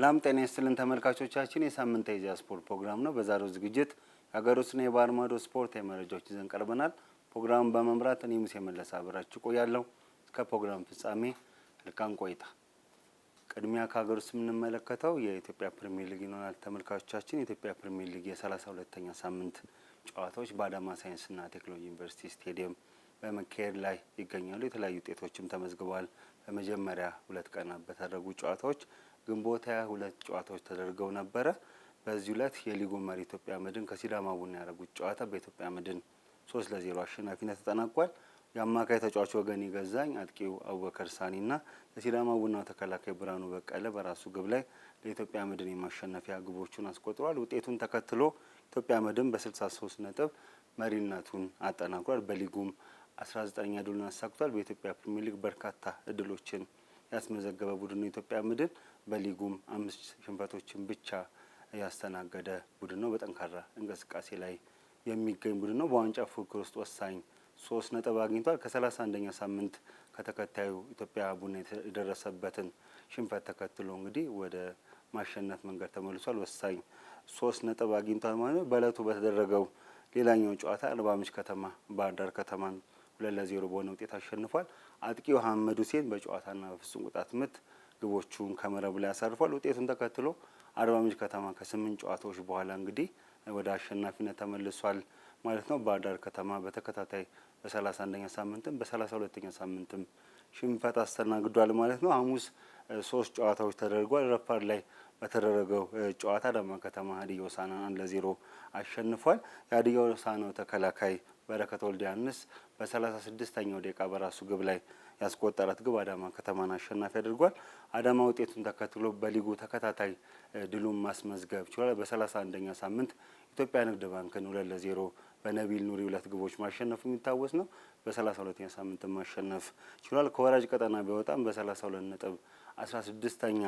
ሰላም ጤና ይስጥልን ተመልካቾቻችን፣ የሳምንት የኢዜአ ስፖርት ፕሮግራም ነው። በዛሬው ዝግጅት የሀገር ውስጥና የባህር ማዶ ስፖርታዊ መረጃዎች ይዘን ቀርበናል። ፕሮግራሙን በመምራት እኔ ሙሴ መለስ አብራችሁ ቆያለሁ። እስከ ፕሮግራም ፍጻሜ ልካን ቆይታ። ቅድሚያ ከሀገር ውስጥ የምንመለከተው የኢትዮጵያ ፕሪሚየር ሊግ ይሆናል። ተመልካቾቻችን፣ የኢትዮጵያ ፕሪሚየር ሊግ የሰላሳ ሁለተኛ ሳምንት ጨዋታዎች በአዳማ ሳይንስና ቴክኖሎጂ ዩኒቨርሲቲ ስቴዲየም በመካሄድ ላይ ይገኛሉ። የተለያዩ ውጤቶችም ተመዝግበዋል። በመጀመሪያ ሁለት ቀናት በተደረጉ ጨዋታዎች ግንቦት ሃያ ሁለት ጨዋታዎች ተደርገው ነበረ። በዚህ ዕለት የሊጉ መሪ ኢትዮጵያ መድን ከሲዳማ ቡና ያደረጉት ጨዋታ በኢትዮጵያ መድን ሶስት ለዜሮ አሸናፊነት ተጠናቋል። የአማካይ ተጫዋች ወገን ይገዛኝ፣ አጥቂው አቡበከር ና የሲዳማ ቡና ተከላካይ ብርሃኑ በቀለ በራሱ ግብ ላይ ለኢትዮጵያ መድን የማሸነፊያ ግቦቹን አስቆጥሯል። ውጤቱን ተከትሎ ኢትዮጵያ መድን በ63 ነጥብ መሪነቱን አጠናክሯል። በሊጉም 19ኛ ድሉን አሳክቷል። በኢትዮጵያ ፕሪሚየር ሊግ በርካታ እድሎችን ያስመዘገበ ቡድን ነው ኢትዮጵያ መድን። በሊጉም አምስት ሽንፈቶችን ብቻ ያስተናገደ ቡድን ነው። በጠንካራ እንቅስቃሴ ላይ የሚገኝ ቡድን ነው። በዋንጫ ፉክክር ውስጥ ወሳኝ ሶስት ነጥብ አግኝቷል። ከሰላሳ አንደኛ ሳምንት ከተከታዩ ኢትዮጵያ ቡና የደረሰበትን ሽንፈት ተከትሎ እንግዲህ ወደ ማሸነፍ መንገድ ተመልሷል። ወሳኝ ሶስት ነጥብ አግኝቷል ማለት ነው። በእለቱ በተደረገው ሌላኛው ጨዋታ አርባ ምንጭ ከተማ ባህር ዳር ከተማን ሁለት ለዜሮ በሆነ ውጤት አሸንፏል። አጥቂው ሀመድ ሁሴን በጨዋታና በፍጹም ቅጣት ምት ግቦቹን ከመረብ ላይ ያሳርፏል። ውጤቱን ተከትሎ አርባ ምንጭ ከተማ ከስምንት ጨዋታዎች በኋላ እንግዲህ ወደ አሸናፊነት ተመልሷል ማለት ነው። ባህር ዳር ከተማ በተከታታይ በሰላሳ አንደኛ ሳምንትም በሰላሳ ሁለተኛ ሳምንትም ሽንፈት አስተናግዷል ማለት ነው። ሐሙስ ሶስት ጨዋታዎች ተደርጓል። ረፋድ ላይ በተደረገው ጨዋታ አዳማ ከተማ ሀዲያ ሆሳዕናን አንድ ለዜሮ አሸንፏል። የሀዲያ ሆሳዕናው ተከላካይ በረከት ወልደ ዮሐንስ በሰላሳ ስድስተኛው ደቂቃ በራሱ ግብ ላይ ያስቆጠራት ግብ አዳማ ከተማን አሸናፊ አድርጓል። አዳማ ውጤቱን ተከትሎ በሊጉ ተከታታይ ድሉን ማስመዝገብ ችሏል። በሰላሳ አንደኛ ሳምንት ኢትዮጵያ ንግድ ባንክን ሁለት ለዜሮ በነቢል ኑሪ ሁለት ግቦች ማሸነፉ የሚታወስ ነው። በሰላሳ ሁለተኛ ሳምንት ማሸነፍ ችሏል። ከወራጅ ቀጠና ቢወጣም በሰላሳ ሁለት ነጥብ አስራ ስድስተኛ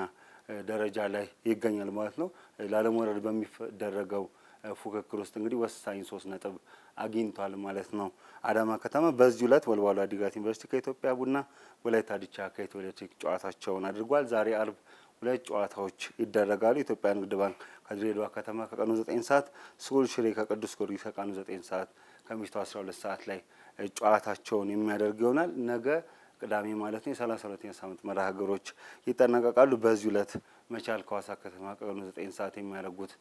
ደረጃ ላይ ይገኛል ማለት ነው። ላለመውረድ በሚደረገው ፉክክር ውስጥ እንግዲህ ወሳኝ ሶስት ነጥብ አግኝቷል ማለት ነው። አዳማ ከተማ በዚህ ዕለት ወልዋሎ ዓዲግራት ዩኒቨርሲቲ ከኢትዮጵያ ቡና፣ ወላይታ ዲቻ ከኢትዮ ኤሌክትሪክ ጨዋታቸውን አድርጓል። ዛሬ አርብ ሁለት ጨዋታዎች ይደረጋሉ። ኢትዮጵያ ንግድ ባንክ ከድሬዳዋ ከተማ ከቀኑ ዘጠኝ ሰዓት፣ ስሁል ሽሬ ከቅዱስ ጊዮርጊስ ከቀኑ ዘጠኝ ሰዓት ከምሽቱ ሁለት ሰዓት ላይ ጨዋታቸውን የሚያደርግ ይሆናል። ነገ ቅዳሜ ማለት ነው የሰላሳ ሁለተኛ ሳምንት መርሃ ግብሮች ይጠናቀቃሉ። በዚህ ዕለት መቻል ከዋሳ ከተማ ቀኑ ዘጠኝ ሰዓት የሚያደርጉት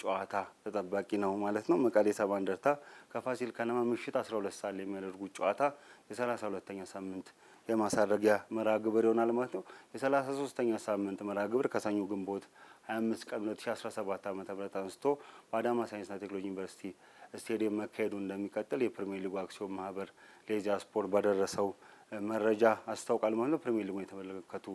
ጨዋታ ተጠባቂ ነው ማለት ነው። መቀሌ ሰባ እንደርታ ከፋሲል ከነማ ምሽት 12 ሰዓት የሚያደርጉት ጨዋታ የ32ኛ ሳምንት የማሳረጊያ መርሃ ግብር ይሆናል ማለት ነው። የ33ኛ ሳምንት መርሃ ግብር ከሰኞ ግንቦት 25 ቀን 2017 ዓ.ም አንስቶ በአዳማ ሳይንስና ቴክኖሎጂ ዩኒቨርሲቲ ስቴዲየም መካሄዱ እንደሚቀጥል የፕሪሚየር ሊጉ አክሲዮን ማህበር ለኢዜአ ስፖርት ባደረሰው መረጃ አስታውቃል ማለት ነው። ፕሪሚየር ሊጉን የተመለከቱ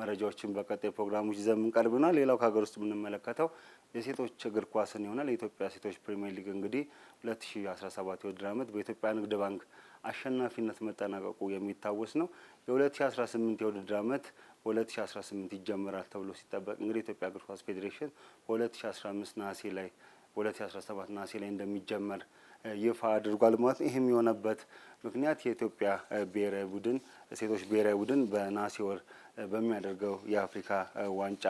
መረጃዎችን በቀጣይ ፕሮግራሞች ይዘን የምንቀርብና ሌላው ከሀገር ውስጥ የምንመለከተው የሴቶች እግር ኳስን ይሆናል። የኢትዮጵያ ሴቶች ፕሪሚየር ሊግ እንግዲህ 2017 የውድድር ዓመት በኢትዮጵያ ንግድ ባንክ አሸናፊነት መጠናቀቁ የሚታወስ ነው። የ2018 የውድድር ዓመት በ2018 ይጀምራል ተብሎ ሲጠበቅ እንግዲህ የኢትዮጵያ እግር ኳስ ፌዴሬሽን በ2015 ነሐሴ ላይ 2017 ነሐሴ ላይ እንደሚጀመር ይፋ አድርጓል ማለት ነው። ይህም የሆነበት ምክንያት የኢትዮጵያ ብሔራዊ ቡድን ሴቶች ብሔራዊ ቡድን በነሐሴ ወር በሚያደርገው የአፍሪካ ዋንጫ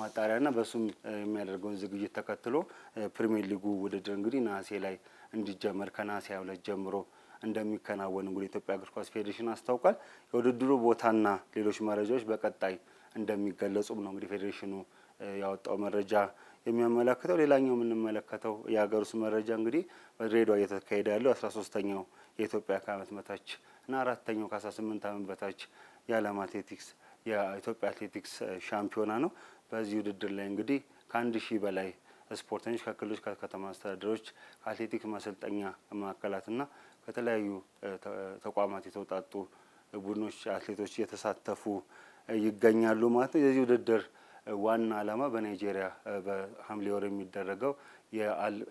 ማጣሪያና በሱም የሚያደርገውን ዝግጅት ተከትሎ ፕሪሚየር ሊጉ ውድድር እንግዲህ ነሐሴ ላይ እንዲጀመር ከነሐሴ ሁለት ጀምሮ እንደሚከናወን እንግዲህ የኢትዮጵያ እግር ኳስ ፌዴሬሽን አስታውቋል። የውድድሩ ቦታና ሌሎች መረጃዎች በቀጣይ እንደሚገለጹም ነው እንግዲህ ፌዴሬሽኑ ያወጣው መረጃ የሚያመለክተው። ሌላኛው የምንመለከተው የሀገር ውስጥ መረጃ እንግዲህ በድሬዳዋ እየተካሄደ ያለው አስራ ሶስተኛው የኢትዮጵያ ከአመት በታች እና አራተኛው ከአስራ ስምንት አመት በታች የዓለም አትሌቲክስ የኢትዮጵያ አትሌቲክስ ሻምፒዮና ነው። በዚህ ውድድር ላይ እንግዲህ ከአንድ ሺህ በላይ ስፖርተኞች ከክልሎች፣ ከከተማ አስተዳደሮች፣ ከአትሌቲክስ ማሰልጠኛ ማዕከላትና ከተለያዩ ተቋማት የተውጣጡ ቡድኖች አትሌቶች እየተሳተፉ ይገኛሉ ማለት ነው። የዚህ ውድድር ዋና ዓላማ በናይጄሪያ በሐምሌ ወር የሚደረገው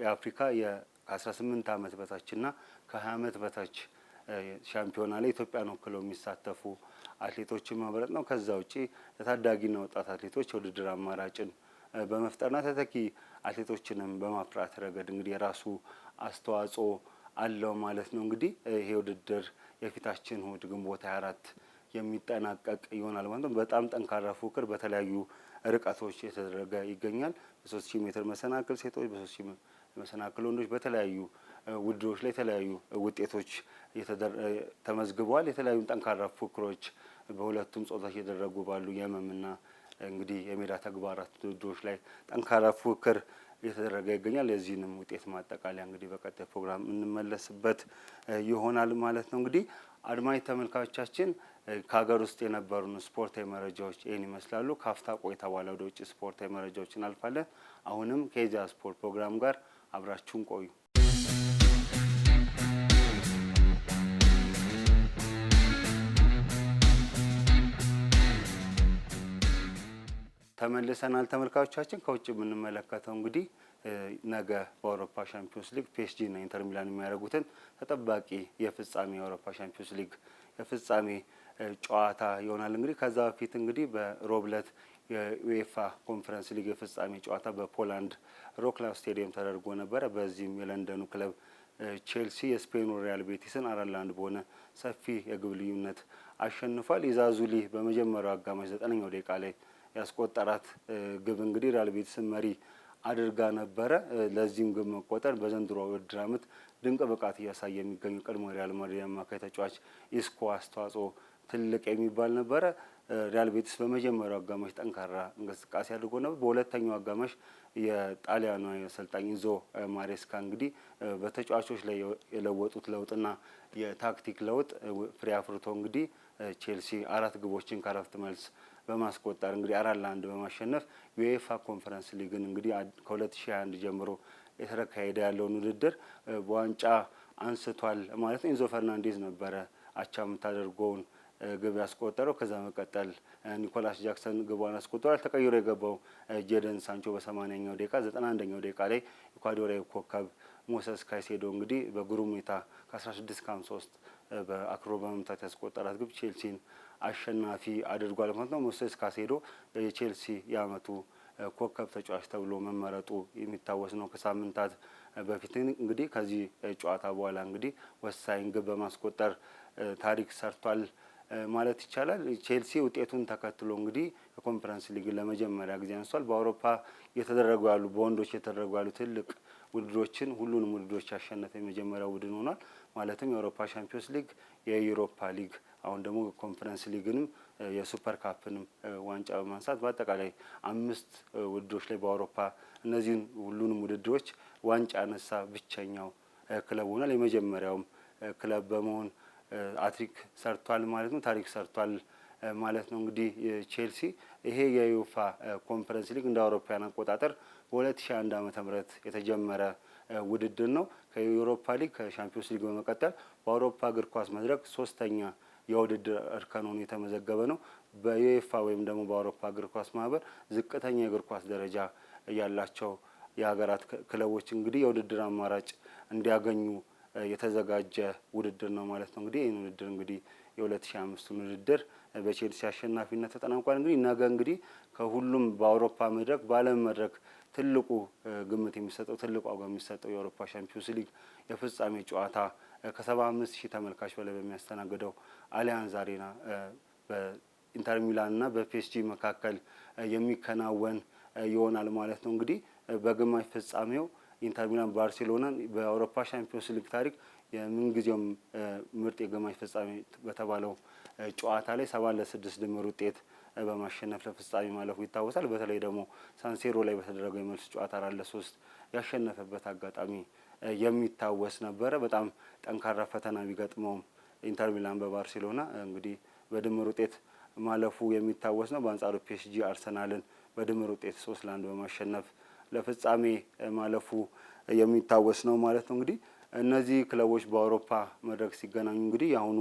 የአፍሪካ የ18 ዓመት በታችና ከ20 ዓመት በታች ሻምፒዮና ላይ ኢትዮጵያን ወክለው የሚሳተፉ አትሌቶችን ማምረጥ ነው። ከዛ ውጪ ለታዳጊና ወጣት አትሌቶች የውድድር አማራጭን በመፍጠርና ተተኪ አትሌቶችንም በማፍራት ረገድ እንግዲህ የራሱ አስተዋጽኦ አለው ማለት ነው። እንግዲህ ይሄ ውድድር የፊታችን እሁድ ግንቦት 24 የሚጠናቀቅ ይሆናል ማለት ነው። በጣም ጠንካራ ፉክር በተለያዩ ርቀቶች የተደረገ ይገኛል። በ3000 ሜትር መሰናክል ሴቶች፣ በ3000 መሰናክል ወንዶች፣ በተለያዩ ውድድሮች ላይ የተለያዩ ውጤቶች ተመዝግበዋል። የተለያዩ ጠንካራ ፉክክሮች በሁለቱም ጾታዎች የደረጉ ባሉ የመምና እንግዲህ የሜዳ ተግባራት ውድድሮች ላይ ጠንካራ ፉክክር እየተደረገ ይገኛል። የዚህንም ውጤት ማጠቃለያ እንግዲህ በቀጣይ ፕሮግራም እንመለስበት ይሆናል ማለት ነው። እንግዲህ አድማጭ ተመልካቾቻችን ከሀገር ውስጥ የነበሩን ስፖርታዊ መረጃዎች ይህን ይመስላሉ። ካፍታ ቆይታ በኋላ ወደ ውጭ ስፖርታዊ መረጃዎች እናልፋለን። አሁንም ከኢዜአ ስፖርት ፕሮግራም ጋር አብራችሁን ቆዩ። ተመልሰናል ተመልካቾቻችን። ከውጭ የምንመለከተው እንግዲህ ነገ በአውሮፓ ሻምፒዮንስ ሊግ ፒኤስጂ እና ኢንተር ሚላን የሚያደርጉትን ተጠባቂ የፍጻሜ የአውሮፓ ሻምፒዮንስ ሊግ የፍጻሜ ጨዋታ ይሆናል። እንግዲህ ከዛ በፊት እንግዲህ በሮብለት የዩኤፋ ኮንፈረንስ ሊግ የፍጻሜ ጨዋታ በፖላንድ ሮክላፍ ስቴዲየም ተደርጎ ነበረ። በዚህም የለንደኑ ክለብ ቼልሲ የስፔኑ ሪያል ቤቲስን አራት ለአንድ በሆነ ሰፊ የግብ ልዩነት አሸንፏል። ኢዛዙሊ በመጀመሪያው አጋማሽ ዘጠነኛው ደቂቃ ላይ ያስቆጠራት ግብ እንግዲህ ሪያል ቤቲስን መሪ አድርጋ ነበረ። ለዚህም ግብ መቆጠር በዘንድሮ ውድድር ዓመት ድንቅ ብቃት እያሳየ የሚገኙ ቀድሞ ሪያል ማድሪድ አማካይ ተጫዋች ኢስኮ አስተዋጽኦ ትልቅ የሚባል ነበረ። ሪያል ቤቲስ በመጀመሪያው አጋማሽ ጠንካራ እንቅስቃሴ አድርጎ ነበር። በሁለተኛው አጋማሽ የጣሊያኗ አሰልጣኝ ኢንዞ ማሬስካ እንግዲህ በተጫዋቾች ላይ የለወጡት ለውጥና የታክቲክ ለውጥ ፍሬ አፍርቶ እንግዲህ ቼልሲ አራት ግቦችን ከረፍት መልስ በማስቆጠር እንግዲህ አራት ለአንድ በማሸነፍ ዩኤፋ ኮንፈረንስ ሊግን እንግዲህ ከ2021 ጀምሮ የተካሄደ ያለውን ውድድር በዋንጫ አንስቷል ማለት ነው። ኢንዞ ፈርናንዴዝ ነበረ አቻ የምታደርገውን ግብ ያስቆጠረው። ከዛ መቀጠል ኒኮላስ ጃክሰን ግቧን አስቆጥሯል። ተቀይሮ የገባው ጄደን ሳንቾ በሰማንያኛው ደቂቃ፣ ዘጠና አንደኛው ደቂቃ ላይ ኢኳዶሪያዊ ኮከብ ሞሰስ ካይሴዶ እንግዲህ በግሩም ሁኔታ ከ16 ከ53 በአክሮ በመምታት ያስቆጠራት ግብ ቼልሲን አሸናፊ አድርጓል ማለት ነው። ሞሴስ ካሴዶ የቼልሲ የዓመቱ ኮከብ ተጫዋች ተብሎ መመረጡ የሚታወስ ነው። ከሳምንታት በፊት እንግዲህ ከዚህ ጨዋታ በኋላ እንግዲህ ወሳኝ ግብ በማስቆጠር ታሪክ ሰርቷል ማለት ይቻላል። ቼልሲ ውጤቱን ተከትሎ እንግዲህ የኮንፈረንስ ሊግ ለመጀመሪያ ጊዜ አንስቷል። በአውሮፓ የተደረጉ ያሉ በወንዶች የተደረጉ ያሉ ትልቅ ውድድሮችን ሁሉንም ውድድሮች ያሸነፈ የመጀመሪያው ቡድን ሆኗል። ማለትም የአውሮፓ ሻምፒዮንስ ሊግ፣ የዩሮፓ ሊግ አሁን ደግሞ ኮንፈረንስ ሊግንም የሱፐር ካፕንም ዋንጫ በማንሳት በአጠቃላይ አምስት ውድድሮች ላይ በአውሮፓ እነዚህን ሁሉንም ውድድሮች ዋንጫ ያነሳ ብቸኛው ክለብ ሆኗል። የመጀመሪያውም ክለብ በመሆን አትሪክ ሰርቷል ማለት ነው። ታሪክ ሰርቷል ማለት ነው። እንግዲህ ቼልሲ ይሄ የዩፋ ኮንፈረንስ ሊግ እንደ አውሮፓውያን አቆጣጠር በ2001 ዓ.ም የተጀመረ ውድድር ነው። ከዩሮፓ ሊግ ከሻምፒዮንስ ሊግ በመቀጠል በአውሮፓ እግር ኳስ መድረክ ሶስተኛ የውድድር እርከን ሆኖ የተመዘገበ ነው። በዩኤፋ ወይም ደግሞ በአውሮፓ እግር ኳስ ማህበር ዝቅተኛ የእግር ኳስ ደረጃ ያላቸው የሀገራት ክለቦች እንግዲህ የውድድር አማራጭ እንዲያገኙ የተዘጋጀ ውድድር ነው ማለት ነው። እንግዲህ ይህን ውድድር እንግዲህ የ2025ቱን ውድድር በቼልሲ አሸናፊነት ተጠናቋል። እንግዲህ ነገ እንግዲህ ከሁሉም በአውሮፓ መድረክ በዓለም መድረክ ትልቁ ግምት የሚሰጠው ትልቁ ዋጋ የሚሰጠው የአውሮፓ ሻምፒዮንስ ሊግ የፍጻሜ ጨዋታ ከሰባ አምስት ሺህ ተመልካች በላይ በሚያስተናግደው አሊያንዝ አሬና በኢንተር ሚላን እና በፒኤስጂ መካከል የሚከናወን ይሆናል ማለት ነው። እንግዲህ በግማሽ ፍጻሜው ኢንተር ሚላን ባርሴሎናን በአውሮፓ ሻምፒዮንስ ሊግ ታሪክ የምንጊዜውም ምርጥ የግማሽ ፍጻሜ በተባለው ጨዋታ ላይ ሰባ ለስድስት ድምር ውጤት በማሸነፍ ለፍጻሜ ማለፉ ይታወሳል። በተለይ ደግሞ ሳንሴሮ ላይ በተደረገው የመልስ ጨዋታ አራት ለሶስት ያሸነፈበት አጋጣሚ የሚታወስ ነበረ። በጣም ጠንካራ ፈተና ቢገጥመውም ኢንተር ሚላን በባርሴሎና እንግዲህ በድምር ውጤት ማለፉ የሚታወስ ነው። በአንጻሩ ፒኤስጂ አርሰናልን በድምር ውጤት ሶስት ለአንድ በማሸነፍ ለፍጻሜ ማለፉ የሚታወስ ነው ማለት ነው። እንግዲህ እነዚህ ክለቦች በአውሮፓ መድረክ ሲገናኙ እንግዲህ የአሁኑ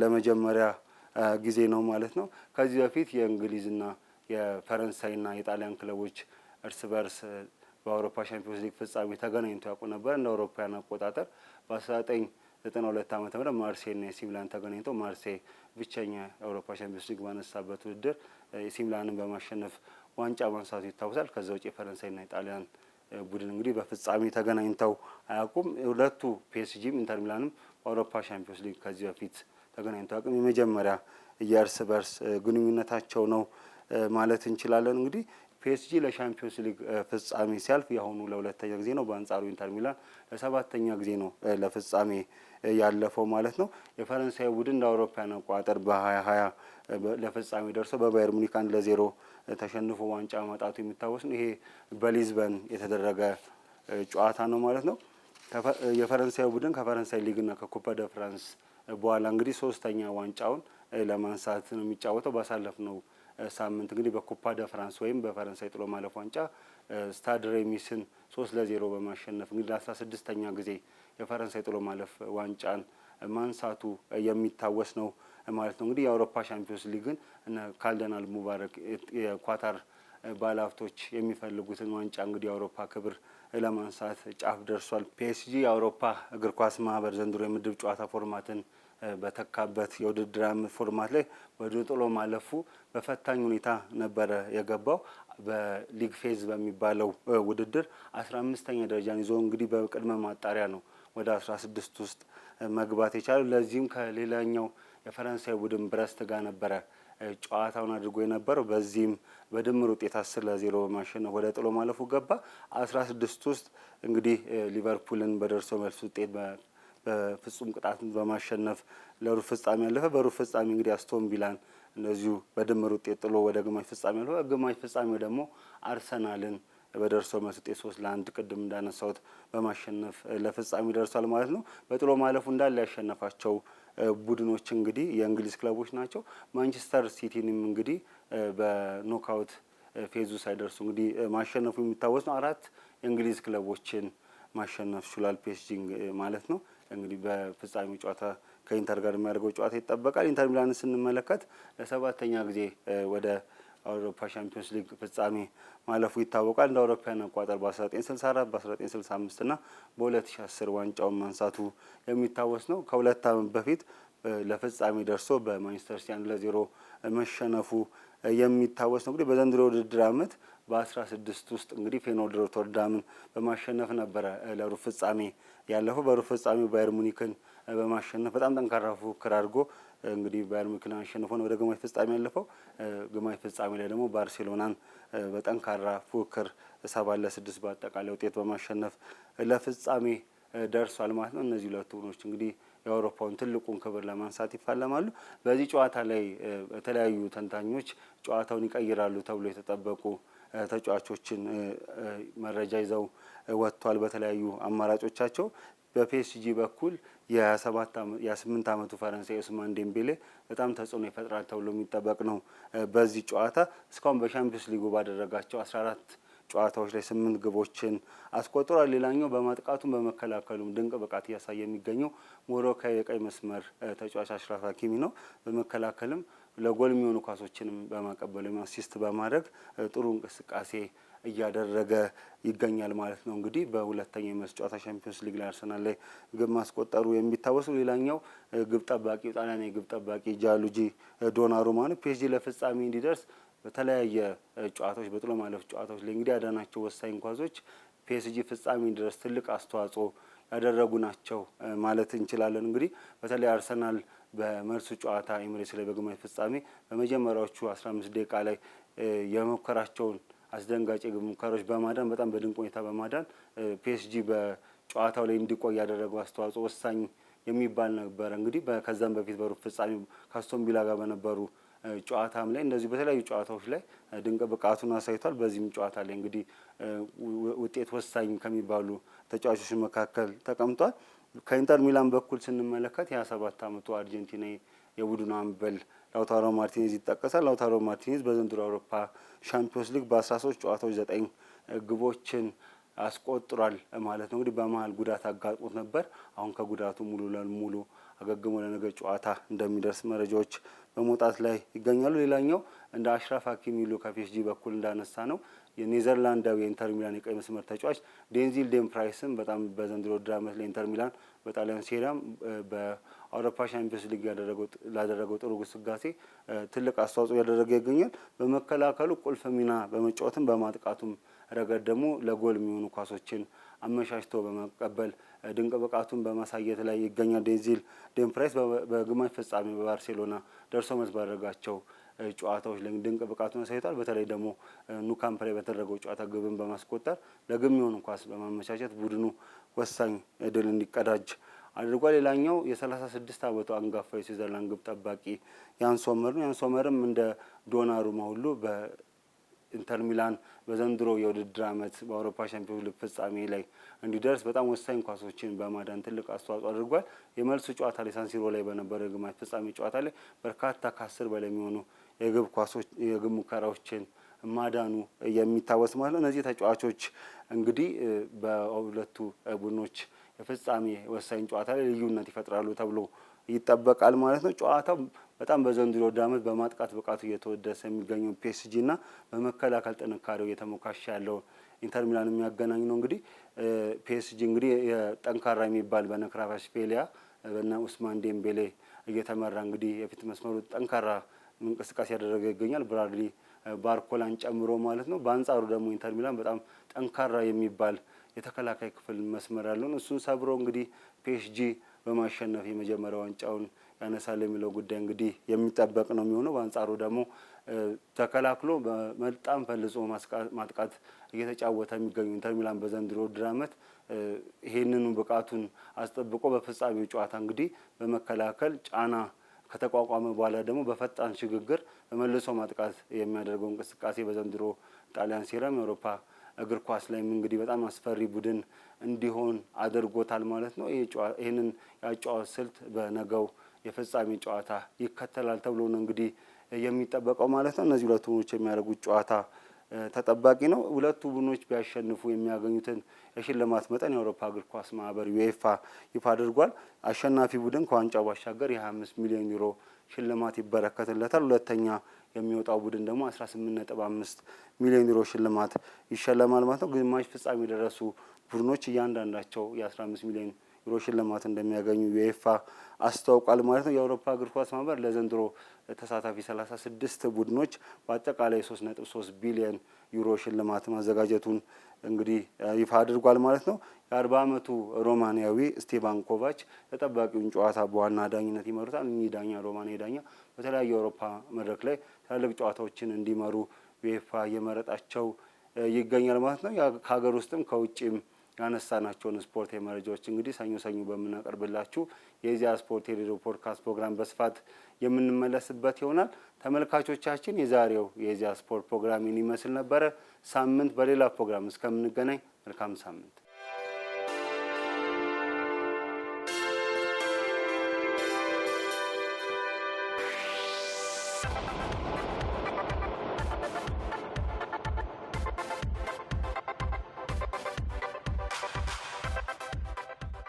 ለመጀመሪያ ጊዜ ነው ማለት ነው። ከዚህ በፊት የእንግሊዝና የፈረንሳይና የጣሊያን ክለቦች እርስ በርስ በአውሮፓ ሻምፒዮንስ ሊግ ፍጻሜ ተገናኝቶ ያውቁ ነበር። እንደ አውሮፓውያን አቆጣጠር በ1992 ዓ ም ማርሴይና ኤሲ ሚላን ተገናኝቶ ማርሴይ ብቸኛ የአውሮፓ ሻምፒዮንስ ሊግ ባነሳበት ውድድር ሲሚላንን በማሸነፍ ዋንጫ ማንሳቱ ይታወሳል። ከዛ ውጭ የፈረንሳይና የጣሊያን ቡድን እንግዲህ በፍጻሜ ተገናኝተው አያውቁም። ሁለቱ ፒኤስጂም ኢንተር ሚላንም በአውሮፓ ሻምፒዮንስ ሊግ ከዚህ በፊት ተገናኝቶ አቅም የመጀመሪያ የእርስ በርስ ግንኙነታቸው ነው ማለት እንችላለን። እንግዲህ ፒኤስጂ ለሻምፒዮንስ ሊግ ፍጻሜ ሲያልፍ የአሁኑ ለሁለተኛ ጊዜ ነው። በአንጻሩ ኢንተር ሚላን ለሰባተኛ ጊዜ ነው ለፍጻሜ ያለፈው ማለት ነው። የፈረንሳይ ቡድን እንደ አውሮፓያን አቆጣጠር በ2020 ለፍጻሜ ደርሶ በባየር ሙኒክ አንድ ለዜሮ ተሸንፎ ዋንጫ ማጣቱ የሚታወስ ነው። ይሄ በሊዝበን የተደረገ ጨዋታ ነው ማለት ነው። የፈረንሳይ ቡድን ከፈረንሳይ ሊግና ከኩፐ ደ ፍራንስ በኋላ እንግዲህ ሶስተኛ ዋንጫውን ለማንሳት ነው የሚጫወተው። ባሳለፍነው ሳምንት እንግዲህ በኮፓ ደ ፍራንስ ወይም በፈረንሳይ ጥሎ ማለፍ ዋንጫ ስታድ ሬሚስን ሶስት ለዜሮ በማሸነፍ እንግዲህ ለአስራ ስድስተኛ ጊዜ የፈረንሳይ ጥሎ ማለፍ ዋንጫን ማንሳቱ የሚታወስ ነው ማለት ነው። እንግዲህ የአውሮፓ ሻምፒዮንስ ሊግን እነ ካልደናል ሙባረክ የኳታር ባለሀብቶች የሚፈልጉትን ዋንጫ እንግዲህ የአውሮፓ ክብር ለማንሳት ጫፍ ደርሷል። ፒኤስጂ የአውሮፓ እግር ኳስ ማህበር ዘንድሮ የምድብ ጨዋታ ፎርማትን በተካበት የውድድር ዓመት ፎርማት ላይ ወደ ጥሎ ማለፉ በፈታኝ ሁኔታ ነበረ የገባው። በሊግ ፌዝ በሚባለው ውድድር አስራ አምስተኛ ደረጃን ይዞ እንግዲህ በቅድመ ማጣሪያ ነው ወደ አስራ ስድስት ውስጥ መግባት የቻሉ። ለዚህም ከሌላኛው የፈረንሳይ ቡድን ብረስት ጋር ነበረ ጨዋታውን አድርጎ የነበረው በዚህም በድምር ውጤት አስር ለዜሮ በማሸነፍ ወደ ጥሎ ማለፉ ገባ። አስራ ስድስት ውስጥ እንግዲህ ሊቨርፑልን በደርሶ መልስ ውጤት በፍጹም ቅጣት በማሸነፍ ለሩብ ፍጻሜ ያለፈ፣ በሩብ ፍጻሜ እንግዲህ አስቶን ቪላን እንደዚሁ በድምር ውጤት ጥሎ ወደ ግማሽ ፍጻሜ ያለፈ፣ ግማሽ ፍጻሜው ደግሞ አርሰናልን በደርሶ መልስ ውጤት ሶስት ለአንድ ቅድም እንዳነሳሁት በማሸነፍ ለፍጻሜ ደርሷል ማለት ነው። በጥሎ ማለፉ እንዳለ ያሸነፋቸው ቡድኖች እንግዲህ የእንግሊዝ ክለቦች ናቸው። ማንቸስተር ሲቲንም እንግዲህ በኖካውት ፌዙ ሳይደርሱ እንግዲህ ማሸነፉ የሚታወስ ነው። አራት የእንግሊዝ ክለቦችን ማሸነፍ ችሏል ፒኤስጂ ማለት ነው። እንግዲህ በፍጻሜ ጨዋታ ከኢንተር ጋር የሚያደርገው ጨዋታ ይጠበቃል። ኢንተር ሚላን ስንመለከት ለሰባተኛ ጊዜ ወደ አውሮፓ ሻምፒዮንስ ሊግ ፍጻሜ ማለፉ ይታወቃል። እንደ አውሮፓውያን አቆጣጠር በ1964 በ1965 እና በ2010 ዋንጫውን ማንሳቱ የሚታወስ ነው። ከሁለት ዓመት በፊት ለፍጻሜ ደርሶ በማንቸስተር ሲቲ አንድ ለዜሮ መሸነፉ የሚታወስ ነው። እንግዲህ በዘንድሮ ውድድር ዓመት በአስራ ስድስት ውስጥ እንግዲህ ፌኖል ሮተርዳምን በማሸነፍ ነበረ ለሩብ ፍጻሜ ያለፈው። በሩብ ፍጻሜው ባየር ሙኒክን በማሸነፍ በጣም ጠንካራ ፉክክር አድርጎ እንግዲህ ባየር ሙኒክን አሸንፎ ነው ወደ ግማሽ ፍጻሜ ያለፈው። ግማሽ ፍጻሜ ላይ ደግሞ ባርሴሎናን በጠንካራ ፉክክር ሰባ ለስድስት በአጠቃላይ ውጤት በማሸነፍ ለፍጻሜ ደርሷል ማለት ነው። እነዚህ ሁለቱ ቡድኖች እንግዲህ የአውሮፓውን ትልቁን ክብር ለማንሳት ይፋለማሉ። በዚህ ጨዋታ ላይ የተለያዩ ተንታኞች ጨዋታውን ይቀይራሉ ተብሎ የተጠበቁ ተጫዋቾችን መረጃ ይዘው ወጥቷል በተለያዩ አማራጮቻቸው። በፒኤስጂ በኩል የ28 ዓመቱ ፈረንሳይ ኦስማን ዴምቤሌ በጣም ተጽዕኖ ይፈጥራል ተብሎ የሚጠበቅ ነው። በዚህ ጨዋታ እስካሁን በሻምፒዮንስ ሊጉ ባደረጋቸው 14 ጨዋታዎች ላይ ስምንት ግቦችን አስቆጥሯል። ሌላኛው በማጥቃቱም በመከላከሉም ድንቅ ብቃት እያሳየ የሚገኘው ሞሮካዊ የቀኝ መስመር ተጫዋች አሽራፍ ሀኪሚ ነው። በመከላከልም ለጎል የሚሆኑ ኳሶችንም በማቀበል አሲስት በማድረግ ጥሩ እንቅስቃሴ እያደረገ ይገኛል ማለት ነው። እንግዲህ በሁለተኛው የመልስ ጨዋታ ሻምፒዮንስ ሊግ ላይ አርሰናል ላይ ግብ ማስቆጠሩ የሚታወስ ነው። ሌላኛው ግብ ጠባቂ ጣሊያን የግብ ጠባቂ ጃሉጂ ዶናሩማ ነው። ፒኤስጂ ለፍጻሜ እንዲደርስ በተለያየ ጨዋታዎች በጥሎ ማለፍ ጨዋታዎች ላይ እንግዲህ ያዳናቸው ወሳኝ ኳሶች ፒኤስጂ ፍጻሜ እንዲደርስ ትልቅ አስተዋጽኦ ያደረጉ ናቸው ማለት እንችላለን። እንግዲህ በተለይ አርሰናል በመልሱ ጨዋታ ኤምሬትስ ላይ በግማሽ ፍጻሜ በመጀመሪያዎቹ 15 ደቂቃ ላይ የሞከራቸውን አስደንጋጭ የግብ ሙከራዎች በማዳን በጣም በድንቅ ሁኔታ በማዳን ፒኤስጂ በጨዋታው ላይ እንዲቆይ ያደረገው አስተዋጽኦ ወሳኝ የሚባል ነበረ። እንግዲህ ከዛም በፊት በሩብ ፍጻሜ ካስቶን ቪላ ጋር በነበሩ ጨዋታም ላይ እንደዚሁ በተለያዩ ጨዋታዎች ላይ ድንቅ ብቃቱን አሳይቷል። በዚህም ጨዋታ ላይ እንግዲህ ውጤት ወሳኝ ከሚባሉ ተጫዋቾች መካከል ተቀምጧል። ከኢንተር ሚላን በኩል ስንመለከት የሃያ ሰባት ዓመቱ አርጀንቲና የቡድኑ አምበል ላውታሮ ማርቲኔዝ ይጠቀሳል። ላውታሮ ማርቲኔዝ በዘንድሮ አውሮፓ ሻምፒዮንስ ሊግ በ13 ጨዋታዎች ዘጠኝ ግቦችን አስቆጥሯል ማለት ነው። እንግዲህ በመሀል ጉዳት አጋጥሞት ነበር። አሁን ከጉዳቱ ሙሉ ለሙሉ አገግሞ ለነገ ጨዋታ እንደሚደርስ መረጃዎች በመውጣት ላይ ይገኛሉ። ሌላኛው እንደ አሽራፍ ሀኪሚ ሉ ከፒኤስጂ በኩል እንዳነሳ ነው የኔዘርላንዳዊ የኢንተር ሚላን የቀይ መስመር ተጫዋች ዴንዚል ዴምፕራይስም በጣም በዘንድሮ ድር ዓመት ለኢንተር ሚላን በጣሊያን ሴሪያም አውሮፓ ሻምፒዮንስ ሊግ ላደረገው ጥሩ ግስጋሴ ትልቅ አስተዋጽኦ እያደረገ ይገኛል። በመከላከሉ ቁልፍ ሚና በመጫወትም በማጥቃቱም ረገድ ደግሞ ለጎል የሚሆኑ ኳሶችን አመሻሽቶ በመቀበል ድንቅ ብቃቱን በማሳየት ላይ ይገኛል። ዴንዚል ዴምፕራይስ በግማሽ ፍጻሜ በባርሴሎና ደርሶ መልስ ባደረጋቸው ጨዋታዎች ድንቅ ብቃቱን አሳይቷል። በተለይ ደግሞ ኑ ላይ በተደረገው ጨዋታ ግብን በማስቆጠር ለግብ የሚሆኑ ኳስ በማመቻቸት ቡድኑ ወሳኝ ድል እንዲቀዳጅ አድርጓል። ሌላኛው የ36 ዓመቱ አንጋፋ የስዊዘርላንድ ግብ ጠባቂ ያን ሶመር ነው። ያን ሶመርም እንደ ዶናሩማ ሁሉ በኢንተር ሚላን በዘንድሮ የውድድር ዓመት በአውሮፓ ሻምፒዮንስ ሊግ ፍጻሜ ላይ እንዲደርስ በጣም ወሳኝ ኳሶችን በማዳን ትልቅ አስተዋጽኦ አድርጓል። የመልሱ ጨዋታ ላይ ሳንሲሮ ላይ በነበረ ግማሽ ፍጻሜ ጨዋታ ላይ በርካታ ከአስር በላይ የሚሆኑ የግብ ኳሶች የግብ ሙከራዎችን ማዳኑ የሚታወስ ማለት ነው። እነዚህ ተጫዋቾች እንግዲህ በሁለቱ ቡድኖች የፍጻሜ ወሳኝ ጨዋታ ላይ ልዩነት ይፈጥራሉ ተብሎ ይጠበቃል ማለት ነው። ጨዋታው በጣም በዘንድሮ ዓመት በማጥቃት ብቃቱ እየተወደሰ የሚገኘው ፒኤስጂ እና በመከላከል ጥንካሬው እየተሞካሸ ያለው ኢንተር ሚላን የሚያገናኝ ነው። እንግዲህ ፒኤስጂ እንግዲህ ጠንካራ የሚባል ፔሊያ በና ኡስማን ዴምቤሌ እየተመራ እንግዲህ የፊት መስመሩ ጠንካራ እንቅስቃሴ ያደረገ ይገኛል ብራድሊ ባርኮላን ጨምሮ ማለት ነው። በአንጻሩ ደግሞ ኢንተር ሚላን በጣም ጠንካራ የሚባል የተከላካይ ክፍል መስመር ያለውን እሱን ሰብሮ እንግዲህ ፒኤስጂ በማሸነፍ የመጀመሪያ ዋንጫውን ያነሳል የሚለው ጉዳይ እንግዲህ የሚጠበቅ ነው የሚሆነው። በአንጻሩ ደግሞ ተከላክሎ በመልጣም ፈልጾ ማጥቃት እየተጫወተ የሚገኙ ኢንተር ሚላን በዘንድሮ ውድድር ዓመት ይህንኑ ብቃቱን አስጠብቆ በፍጻሜው ጨዋታ እንግዲህ በመከላከል ጫና ከተቋቋመ በኋላ ደግሞ በፈጣን ሽግግር በመልሶ ማጥቃት የሚያደርገው እንቅስቃሴ በዘንድሮ ጣሊያን ሴራም የአውሮፓ እግር ኳስ ላይም እንግዲህ በጣም አስፈሪ ቡድን እንዲሆን አድርጎታል ማለት ነው። ይህንን የአጨዋወት ስልት በነገው የፍጻሜ ጨዋታ ይከተላል ተብሎ ነው እንግዲህ የሚጠበቀው ማለት ነው። እነዚህ ሁለቱ ቡድኖች የሚያደርጉት ጨዋታ ተጠባቂ ነው። ሁለቱ ቡድኖች ቢያሸንፉ የሚያገኙትን የሽልማት መጠን የአውሮፓ እግር ኳስ ማህበር ዩኤፋ ይፋ አድርጓል። አሸናፊ ቡድን ከዋንጫው ባሻገር የ25 ሚሊዮን ዩሮ ሽልማት ይበረከትለታል። ሁለተኛ የሚወጣው ቡድን ደግሞ 18.5 ሚሊዮን ዩሮ ሽልማት ይሸለማል ማለት ነው። ግማሽ ፍጻሜ የደረሱ ቡድኖች እያንዳንዳቸው የ15 ሚሊዮን ዩሮ ሽልማት እንደሚያገኙ ዩኤፋ አስተዋውቋል ማለት ነው። የአውሮፓ እግር ኳስ ማህበር ለዘንድሮ ተሳታፊ 36 ቡድኖች በአጠቃላይ 3.3 ቢሊዮን ዩሮ ሽልማት ማዘጋጀቱን እንግዲህ ይፋ አድርጓል ማለት ነው። የአርባ ዓመቱ ሮማንያዊ ስቴቫን ኮቫች ተጠባቂውን ጨዋታ በዋና ዳኝነት ይመሩታል። እኚህ ዳኛ ሮማንያ ዳኛ በተለያዩ የአውሮፓ መድረክ ላይ ትላልቅ ጨዋታዎችን እንዲመሩ ዩኤፋ እየመረጣቸው ይገኛል ማለት ነው። ከሀገር ውስጥም ከውጭም ያነሳናቸውን ስፖርት መረጃዎች እንግዲህ ሰኞ ሰኞ በምናቀርብላችሁ የኢዜአ ስፖርት የሬዲዮ ፖድካስት ፕሮግራም በስፋት የምንመለስበት ይሆናል። ተመልካቾቻችን፣ የዛሬው የኢዜአ ስፖርት ፕሮግራም ይመስል ነበረ። ሳምንት በሌላ ፕሮግራም እስከምንገናኝ መልካም ሳምንት